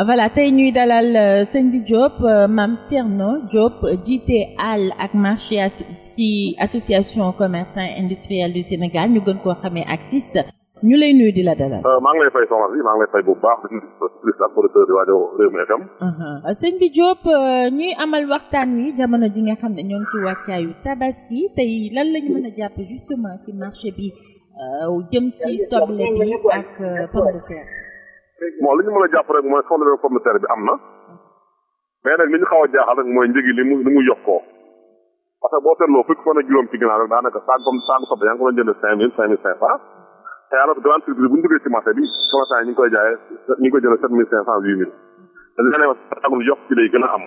Ah, voilà tey ñuy dalal euh, sëñ bi Diop euh, Mame Thierno euh, jiite àll ak marché ci association commerçants industriels du Sénégal ñu gën koo xamee ak sis ñu lay nuyu di la dalal. maa ngi uh-huh. amal waxtaan wi jamono ji nga xam ne ñoo ngi ci wàccaayu tabaski tey lan lañ mën a jàpp justement marché bi jëm ak bon li ñu mën a jàpp rek mooy soxla bi pomme de terre bi am na mais nag li ñu xaw a jaaxal rek mooy njëgi li mu li mu yokkoo parce que boo seetloo fukki fan ak juróom ci ginnaaw rek daanaka saag comme saagu soble yaa ngi ko doon jënd cinq mille cinq mille cinq cent te alors grande surprise bu ñu duggee ci marché bi commerçant yi ñu ngi koy jaayee ñu ngi koy jënd sept mille cinq cent huit mille te li nga ne saagum yokk ci lay gën a am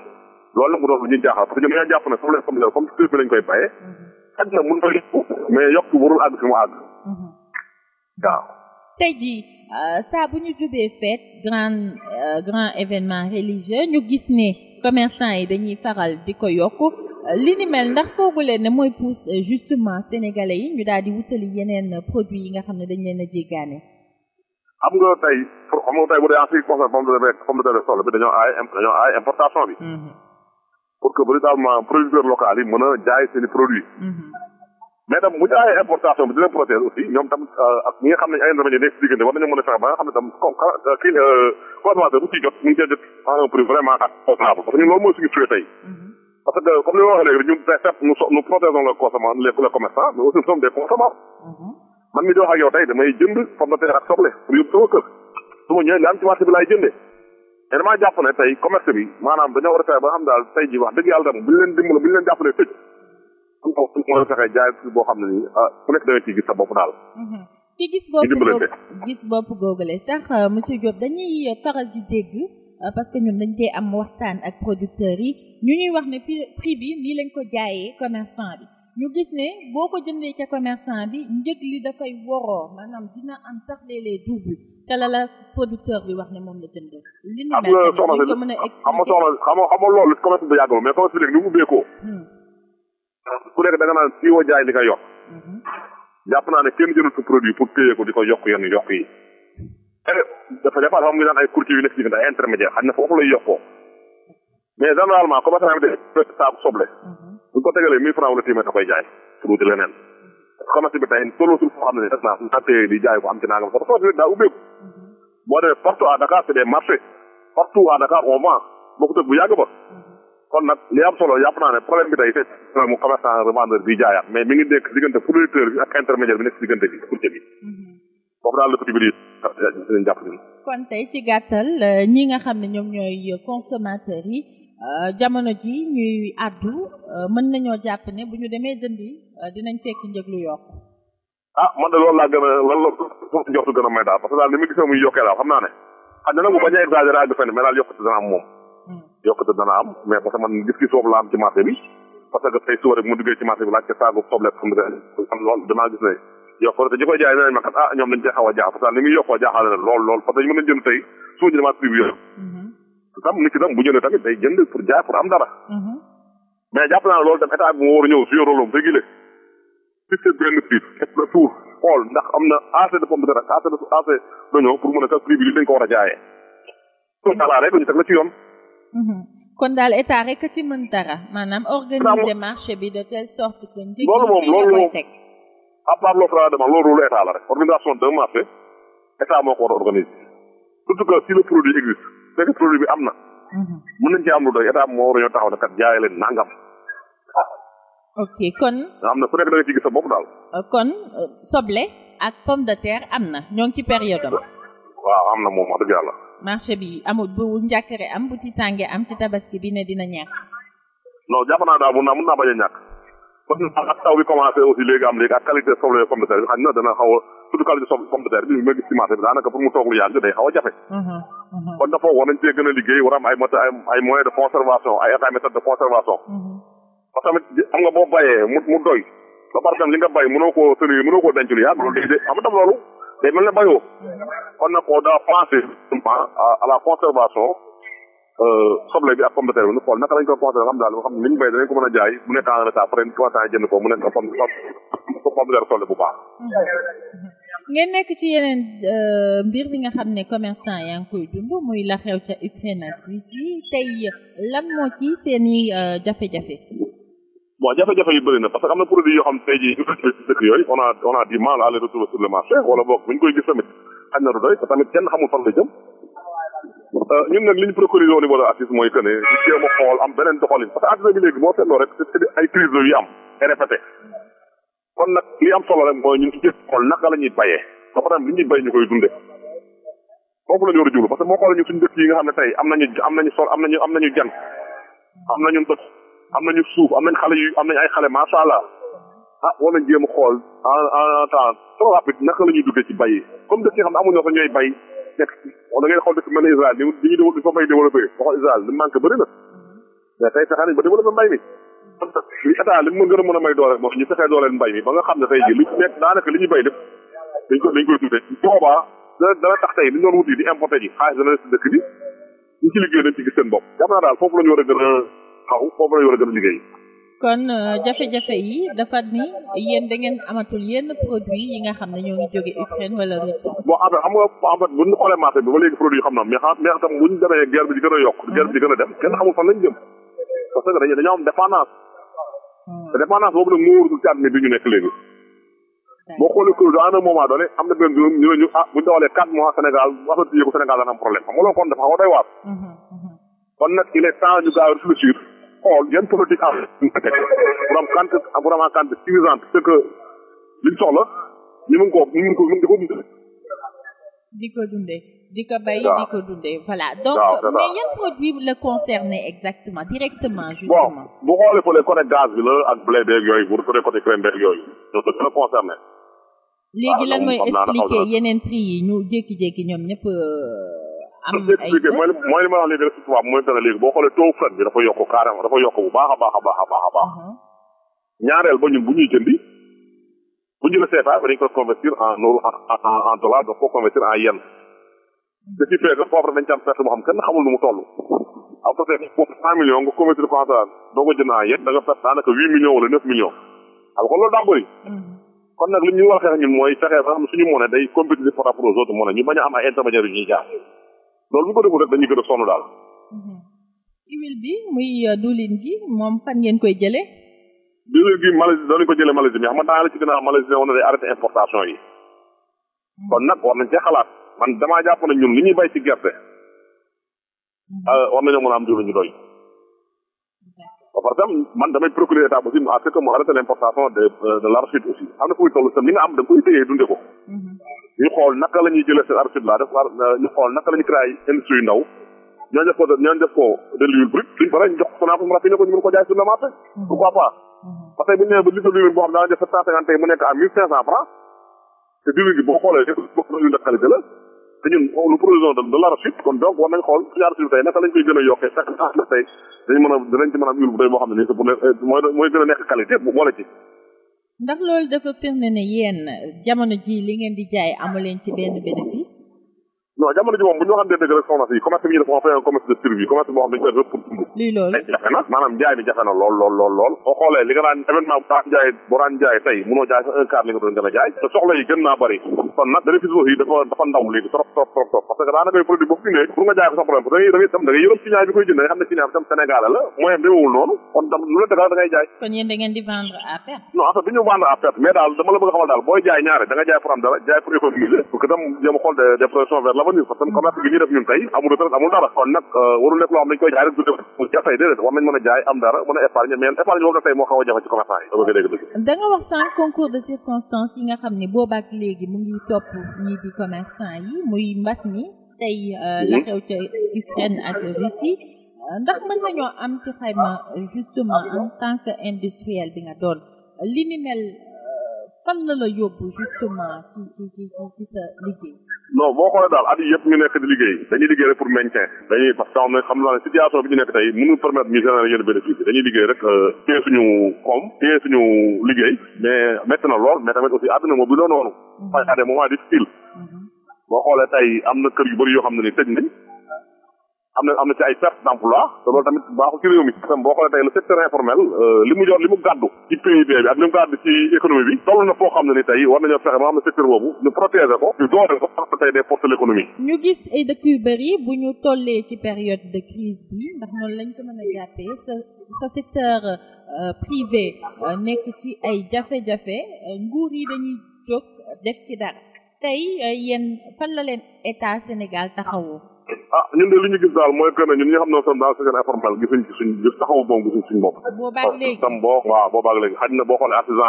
loolu nag mu doon lu ñuy jaaxal parce que ñoom ñoo jàpp ne soble pomme de terre comme suuf bi mm-hmm. na mun na yokku mais yokk warul àgg fi mu àgg mm-hmm. tey jii euh, saa bu ñu jubee fête grand euh, grand événement religieux ñu gis ni commerçant yi dañuy faral di ko yokk li ni mel ndax foogu leen ne mooy pousse euh, justement sénégalais yi ñu daal di wutali yeneen produits yi nga xam ne dañ leen a jéggaane. xam nga tey xam nga tey bu dee en ce qui concerne pomme de terre pomme de terre sol bi dañoo aay dañoo aay importation bi. Mm-hmm. pour que véritablement producteurs locaux yi mën a jaay seen i mais tam bu ñu aayee importation bi di leen protéger aussi tam euh, ak ñi nga xam ne ay intermédiaire nekk si diggante war nañu a ba nga xam euh, euh, parce que ñun loolu mooy suñu souhait tey mm-hmm. parce que comme li ma waxee léegi ñun tey certes nous nous protégeons le consommant les les commerçants mais aussi nous sommes des mm-hmm. man mi di wax ak yow tey damay jënd pomme de terre ak soble pour yóbbu sama kër su ma ñëwee li am ci marché bi laay jëndee mais damaa jàpp ne commerce bi maanaam dañoo war a ba nga suñu bopp mooy boo xam ne nii ah nekk da nga gis sa bopp daal. Mhm. ci gis bopp googu gis bopp googule sax euh, monsieur Diop dañuy faral di dégg euh, parce que ñun dañ koy am waxtaan ak producteurs yi ñu ñuy wax ne prix bi nii lañ ko jaayee commerçant bi ñu gis ne boo ko jëndee ca commerçant bi njëg li dafay woroo maanaam dina am sax léeg-léeg double producteur bi wax ne moom la jënd li ni mel ko mën a expliquer xam nga soxna xam nga loolu bi mais commerce bi léegi ni mu ubbeekoo hmm. ku nekk da nga naan kii woo jaay li nga yor jàpp naa ne kenn jënul sa produit pour téye ko di ko yokk yenn yokk yi eh, dafa dafa am ngi naan ay courtier yu nekk ci ay intermédiaire xam ne foofu lay yokkoo mais généralement comme ça de saabu soble bu mhm. ko tegalee mille francs wala téeméer da koy jaay pour wuti leneen xamante bi tey tolootul foo xam ne def naa naa téye di jaay ko am ci nangam sax soo daa ubbeeku mhm. boo demee partout à Dakar c'est des marchés partout à Dakar on vend bokkut ak bu yàgg ba mhm. kon nag li am solo yàpp naa ne problème bi tey tey mu commerçant revendeur bi jaayaat mais ngi nekk diggante producteur bi ak intermédiaire bi nekk si mm-hmm. foofu daal la petit bi dinañ jàpp ñun kon tey ci gàttal euh, ñi nga xam ne ñoom ñooy consommateur yi euh, jamono ji ñuy àddu euh, mën nañoo jàpp ne bu ñu demee jëndi dinañ fekk njëg lu yokk ah man de loolu laa gën a loolu la joxtu gën a may daal parce que daal li mu gisee muy yokkee daal xam naa ne xam na nag a exagéré àgg fenn am moom Mm. yokkute dana am mais parce que man gis-gis boobu la am ci marché bi parce que tey suba rek mu duggee ci marché bi laaj ko saagu soble xam nga am lool damaa gis ne yokkute te ñi koy jaay nee nañ ma kat ah ñoom dañ cee xaw a jaax parce que li muy yokkoo jaaxaale na lool lool parce que ñu mën a jënd tey suba ñu demaat prix bi yor mm-hmm. tam nit ki tam bu jëndee tamit day jënd pour jaay pour am dara mm-hmm. mais jàpp naa ne loolu tam état bi moo war a ñëw su yoroo loolu régulé fixé benn prix le tour xool ndax am na assez de pomme de terre assez de assez d'oignon pour mën a kat prix bi li dañ ko war a jaayee. donc mm-hmm. rek ñu teg la ci yoon Mhm. kon daal état rek ci mën dara maanaam organiser marché bi de telle sorte que. njëg yi ñu loolu loolu état la rek organisation d'un marché état moo ko war a organiser surtout si le produit existe fekk produit bi am na. Mhm. mën nañ ci am lu doy état moo war a ñëw taxaw ne kat jaay leen nangam. ok kon. am na ku nekk da nga sa bopp daal. Euh, kon euh, soble ak pomme de terre am na ñoo ci période am. waaw am na moom wax dëgg yàlla. marché bi amul bu njàkkare am bu ci tàngee am ci tabaski bi ne dina ñàkk. non jàpp naa daal mun naa mun naa bañ a ñàkk. taw bi commencé aussi léegi am léegi ak qualité soble pomme de terre bi xañ a surtout qualité soble pomme gis ci marché bi daanaka pour mu toog lu yàgg day xaw a jafe. Mhm, mhm. kon dafa war nañ cee gën a liggéey war a ay mot ay moyens de conservation ay ay méthode de conservation. Mhm. parce que am nga boo bayee mu mu doy. ba pare tam li nga bay mënoo koo sëriñ koo denc lu yàgg loolu day day mel ne bayoo kon nag on doit penser à la conservation euh, soble bi ak pomme de terre bi nu xool naka lañ ko conserver xam daal boo xam ne li ñu béy danañ ko a jaay mu nekk en retard après trois jënd ko mu nekk pomme pomme de terre soble euh, bi nga xam ne commerçant yaa ngi koy dund muy la xew ca Ukraine ak Russie tey lan moo ci seen euh, jafe-jafe bon jafe-jafe yu bëri na parce que am na produit yoo xam tey jii ñu ci dëkk a on a du mal à retrouver sur le marché wala boog bu ñu koy gis tamit xañ na du doy te tamit kenn xamul fan la jëm euh, ñun nag li ñu procuré au niveau de mooy que ne ñu jéem a xool am beneen doxalin parce que artiste bi léegi boo seetloo rek c'est ay am répété kon nag li am solo rek mooy ñun ci gis xool naka la ñuy bayee ba pare li ñuy bay ñu koy dundee foofu la ñu war a jublu parce que moo xoolee ñu suñu dëkk yi nga xam ne tey am nañu am nañu sol am am nañu jan am nañu suuf am nañ xale yu am nañ ay xale macha allah ah war nañ jéem a xool en en temps trop rapide naka la duggee ci bay yi comme dëkk xam ne amuñu sax ñooy bay nekk da ngay xool dëkk mel ne Israël ni ñu di fa may mën a may doole mooy ñu fexee dooleel mbay mi ba nga xam ne tey ji li nekk daanaka li ñu bay lépp dañ ko dañ koy tuute boobaa dana dana tax tey li ñu doon wut yi di importé ji xaalis dana nekk dëkk bi ñu ci liggéey dañ ci gis bopp jàpp naa daal foofu la war a gën taxaw foofu la war a gën a liggéey. kon euh, jafe-jafe yi dafa ni yéen da ngeen amatul yenn produit yi nga xam ne ñoo ngi jóge Ukraine wala Russie. bon en fait xam nga en fait bu ñu xoolee marché bi ba léegi produit xam na mais xam mais tam bu ñu demee guerre bi di gën a yokk. guerre bi di gën a dem kenn xamul fan lañ jëm. parce que dañuy dañoo am dépendance. Hmm. te dépendance boobu nag moo wërul ci àddina bi ñu nekk léegi. boo xoolee kuréel à un moment donné am na benn zone ñu ne ñu ah bu ñu dawalee quatre mois Sénégal bu affaire yëngu Sénégal daan am problème xam nga loolu kon dafa xaw a doy waar. Hmm, hmm, kon nag il est temps ñu gaaw réfléchir xool yan politique am ñu ko teg pour am quantité vraiment quantité suffisante c'est que liñ soxla ñu mën ko ñu mën ko mën di ko dundee. di ko dundee. di ko bay di ko dundee voilà donc mais yan produit la concerné exactement directement. justement bon bu xoolee fële côté gaz bi la ak blé beeg yooyu bu côté côté crème beeg yooyu ñoo ko gën a concerné. léegi ah, lan mooy expliquer yeneen prix yi ñu jékki-jékki ñoom ñëpp. Euh, am ay bés mooy mooy li ma wax léegi rek tubaab mooy dara léegi boo xoolee taux fret bi dafa yokk carrément dafa yokk bu baax a baax a baax a baax. Uh-huh. ñaareel ba ñun bu ñuy jëndi bu ñu la CFA dañ ko convertir en euro en dañ ko convertir en yen. Mm-hmm. ce dañ am perte boo xam kenn xamul nu mu toll. aw peut foofu cent nga convertir ko en dollar doo ko jënd en yen da nga perte daanaka huit millions wala neuf millions xam nga loolu daa bëri. Mm-hmm. kon nag li ñu war a xeex ñun mooy fexe ba xam suñu monnaie day compétitif par rapport aux ñu bañ loolu bu ko deful rek dañuy gën a sonn daal. Mhm. huile bi muy euh, diwlin gi moom fan ngeen koy jëlee. diwlin gi Malaisie danañ ko jëlee Malaisie mais ne day arrêté importation yi. Mhm. kon nag war nañ cee xalaat man damaa jàpp ne ñun li ñuy bay ci gerte. Mhm. Euh, war nañoo mën a am diwlin ñu doy. par exemple man damay procurer état aussi à ce que mu arrêté l' importation euh, de de am na fu muy toll sax li nga am da koy téye dundee ko. ñu xool naka la ñuy jëlee seen arachide là def euh, ñu xool naka la ñuy industrie ndaw ñooñu def ko ñooñu def ko de suñ bare ñu jox ko Sonatel mu mhm. mhm. ba litre d'huile boo nekk à mille cinq cent francs te diwlin bi boo xoolee lépp produit la te ñun lu production de l'arachide kon donc war nañ xool suñu arachide tey naka lañ koy gën a yokkee chaque année tey dañ mën a dinañ ci mën a am huile bu doy boo xam ne nii euh, mooy gën a nekk qualité boole ci ndax loolu dafa firnde ne yéen jamono ji li ngeen di jaay amu leen ci benn bénéfice. non jamono ji moom bu ñu waxantee dëgg rek soxna si commerce bi ñu def on fait un commerce de survie xam a ne dëgg da jaay kon yéen da ngeen di ñu vendre à perte daal dama la bëgg xamal daal booy jaay ñaare da jaay pour am pour économiser pour que tam jéem a xool revenir parce que commerce gi ñuy def ñun tey amul retraite amul dara kon nag euh, warul nekk loo xam dañ koy jaay rek du def mu ja tey déedéet war nañ mën a jaay am dara mën a épargne mais épargne boobu nag tey a da wax sànq concours de circonstances yi nga xam ne boobaak léegi mu ngi topp ñii di commerçant yi muy mbas mi tey euh, la mhm. xew ca Ukraine ak Russie ndax mën nañoo am ci xayma justement en tant que industriel bi nga doon li ni mel euh, fan la la yóbbu justement ci sa liggéey non boo xoolee daal at yi yëpp ñu nekk di liggéey dañuy liggéey rek pour maintien dañuy parce que xam na xam naa ne situation bi ñu nekk tey mënul permettre ñu yenn bénéfice dañuy liggéey rek euh, téye suñu koom téye suñu liggéey mais métti na lool mais tamit aussi àdduna moom bi loo noonu mm-hmm. ay at moment difficile mm-hmm. boo xoolee tey am na kër yu bëri yoo xam ne ni tëj nañ am na am na ci ay perte d'emploi te loolu tamit baaxul ci réew mi tam boo xoolee tey le secteur informel euh, li mu yor li mu gàddu ci PIB bi ak li mu gàddu ci économie bi toll na foo xam ne ni tey war nañoo fexe ba xam ne secteur boobu ñu protéger ko ñu doole ko parce que tey day porter l'économie ñu gis ay dëkk yu bëri bu ñu tollee ci période de crise bi ndax noonu lañ ko mën a jàppee sa sa secteur euh, privé euh, nekk ci ay jafe-jafe nguur yi dañuy jóg def ci dara tey yéen fan la leen état Sénégal taxawoo ah ñun de li ñu gis daal mooy que ne ñun xam ne son daal secteur informel gisuñ suñ gis taxawu moom gisuñ suñ bopp ah, tam boobaag léegi xaj na boo xoolee artisan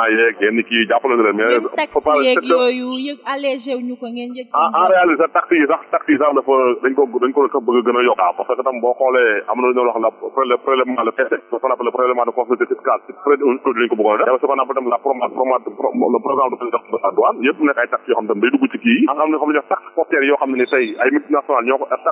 yeeg yooyu yëg allégé ñu ko ngeen yëg ah, en réalité taxi yi sax taxi ko dañ ko a a ah, la prélèvement le PC ce qu'on appelle le prélèvement de a nekk ay taxi yoo xam ne tam day dugg ci kii am na xam ne taxe portière yoo xam ne ni ay multinationales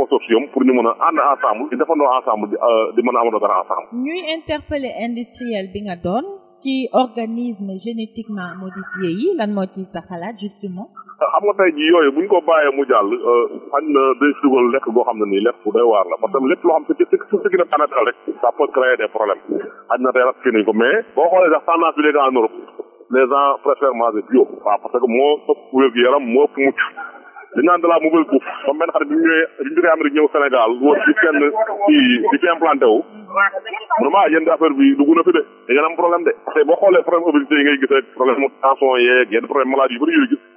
consortium pour ñu mën a ànd ensemble di defandoo ensemble di euh, di a amandoo dara ensemble. ñuy interpeller industriel bi nga doon ci organisme génétiquement modifié yi lan moo ci sa xalaat justement. Euh, xam nga tey jii yooyu bu ñu ko bàyyee mu jàll euh, xañ na day dugal lekk goo xam ne lekk bu doy waar la parce que lépp loo xam si su ci na tànnatal rek ça peut créer des problèmes xañ na tey rafetlu nañ ko mais boo xoolee sax tendance bi léegi en Europe les gens préfèrent manger bio. waaw parce que moo dañ naan de la nouvelle bouffe comme benn xarit bi ñu ñëwee bi ñu jógee Amérique ñëw Sénégal wóor ci kenn ci di fi implanté wu vraiment yéen affaire bi dugg na fi de da ngeen am problème de tey boo xoolee problème obésité yi ngay gis rek problème tension yeeg yenn problème maladie yu bëri yooyu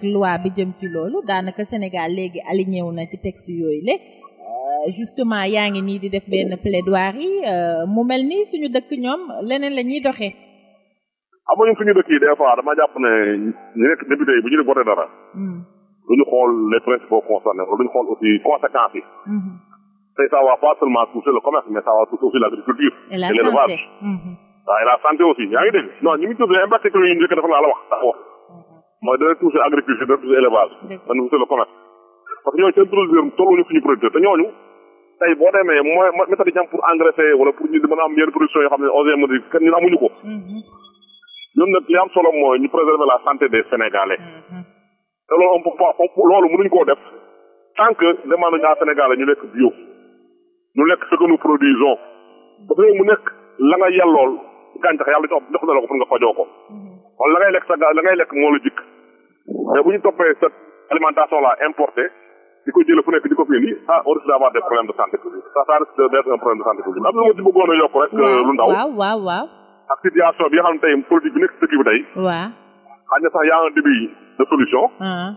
ak loi bi jëm ci loolu daanaka Sénégal léegi aligné wu na ci texte yooyu le euh, justement yaa ngi nii di def benn plaidoirie euh, mu mel ni suñu dëkk ñoom leneen la ñuy doxee. amuñu suñu dëkk yi des fois dama jàpp ne ñu nekk député yi bu ñu voté dara. Hmm. duñu xool les principaux concernés wala duñu xool aussi conséquences yi. Hmm. tey ça va pas seulement toucher le commerce mais ça va toucher aussi l'agriculture. Hmm. Ah, la santé aussi yaa ngi dégg non ñu ngi tudd impact yi ñu njëkk dafa mooy dana touché agriculture dana touché élevage dana touché le commerce parce que ñooñu seen produire tolluñu fi ñu producteur te ñooñu tey boo demee mooy méthode yi ñu am pour engraisser pour ñu di mën am yenn production yoo xam ne OGM di kenn ñun amuñu ko mm-hmm. ñun nag li am solo mooy ñu préserver la santé de sénégalais mm-hmm. te loolu on peut pas loolu mënuñ koo def tant que demande à sénégalais ñu lekk bio ñu lekk ce que parce que mu nekk la nga yellool gàncax yàlla jox jox na la ko pour nga fajoo ko mm-hmm. kon la ngay lekk sa la ngay lekk moo la jikk mais bu ñu toppee cette alimentation là importée di ko a fu a di ko fi indi ah on risque d'avoir des problèmes de santé publique ça ça risque d'être un problème de santé publique am na ma ci bëggoon a yokk rek. Euh, lu ndaw waaw waaw waaw. ak situation bi nga xam ne tey politique bi nekk si dëkk bi tey. waaw. xëy na sax y a un début de solution. Ah.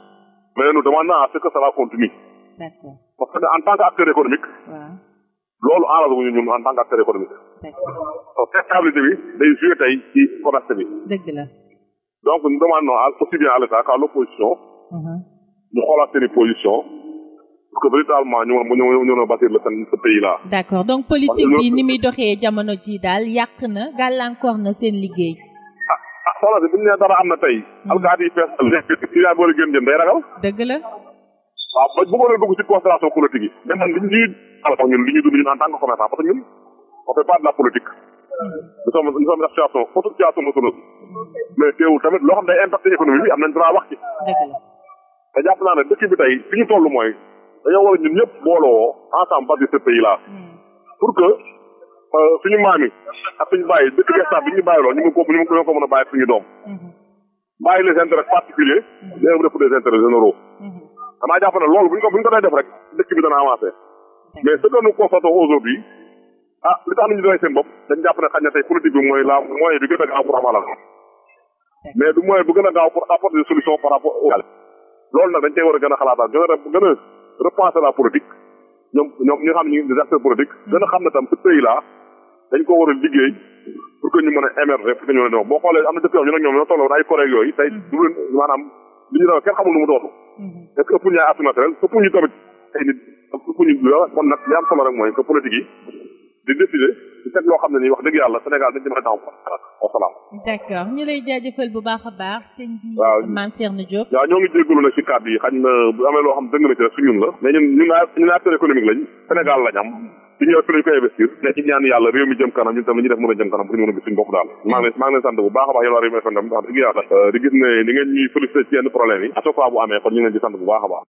mais nous demandons à ce que cela continue. d'accord parce que en tant qu'acteur économique. waaw. loolu enragé wu ñu ñun en tant qu'acteur économique. d'accord donc stabilité bi day joué tey ci commerce bi. dëgg donc nous demandons à, aussi bien xoolaat seen i position parce que véritablement ñu mën ñu mën a bâtir le seen ce pays là. d' donc politique bi ni muy doxee jamono ji daal yàq na gàllankoor na seen liggéey. ah ah soxna si bu ñu nee dara am na tey. Mhm. alkaati yi fees si day ragal. dëgg la. waaw ba bëggoon a dugg ci yi. li ñuy xalaat ñun li ñuy dund ñun en tant que commerçant parce que ñun de la politique. nous sommes nous sommes ndax situation autosuffisance autonome mais teewul tamit loo xam ne day impacté bi am nañ droit wax ci te jàpp naa ne dëkk bi tey fi ñu toll mooy dañoo war a ñun ñëpp booloo ensemble base de ce pays hmm. pour que euh, suñu maam yi ak suñu bàyyi dëkk bi instant bi ñu bàyyiloo ñu mu ko ñu mu ko mën a fi suñu doom hmm. bàyyi les intérêts particuliers hmm. les œuvres pour des intérêts généraux damaa jàpp ne loolu bu ñu ko bu ñu ko dee def rek dëkk ah li tax nit ñi doy seen bopp dañ jàpp ne xañ na tey politique bi mooy la moyen bi gën a gaaw pour am alal mais du moyen bu gën a gaaw pour apporter des solutions par rapport au loolu nag dañ cee war a gën a xalaataat gën a gën la politique ñoom ñoom ñi nga xam ne ñu des acteurs politiques hmm. gën a xam ne tam ce pays là dañ ko war a liggéey pour que ñu mën a émerger pour que ñu mën a boo xoolee am na dëkk yoo xam hmm. ñu hmm. tamit ay nit ëpp ñu kon nag li am solo rek mooy que politique yi di défilé di teg loo xam ne nii wax dëgg yàlla senegal dañ ci mën a taxaw salaam. d'accord ñu lay jaajëfal bu baax a baax. sëñ bi Mame Thierno Diop. waaw ñoo ngi jégalu nag ci kàddu yi xañ na bu amee loo xam dëgg na ci rek su ñun la. mais ñun ñun ñun acteur économique lañ Sénégal lañ investir ne ci ñaan yàlla réew jëm kanam ñun tam ñu def mën a jëm kanam pour ñu mën a gis bopp daal maa ngi leen maa ngi bu baax a baax yéen waa Rewmi FM wax dëgg yàlla euh, di gis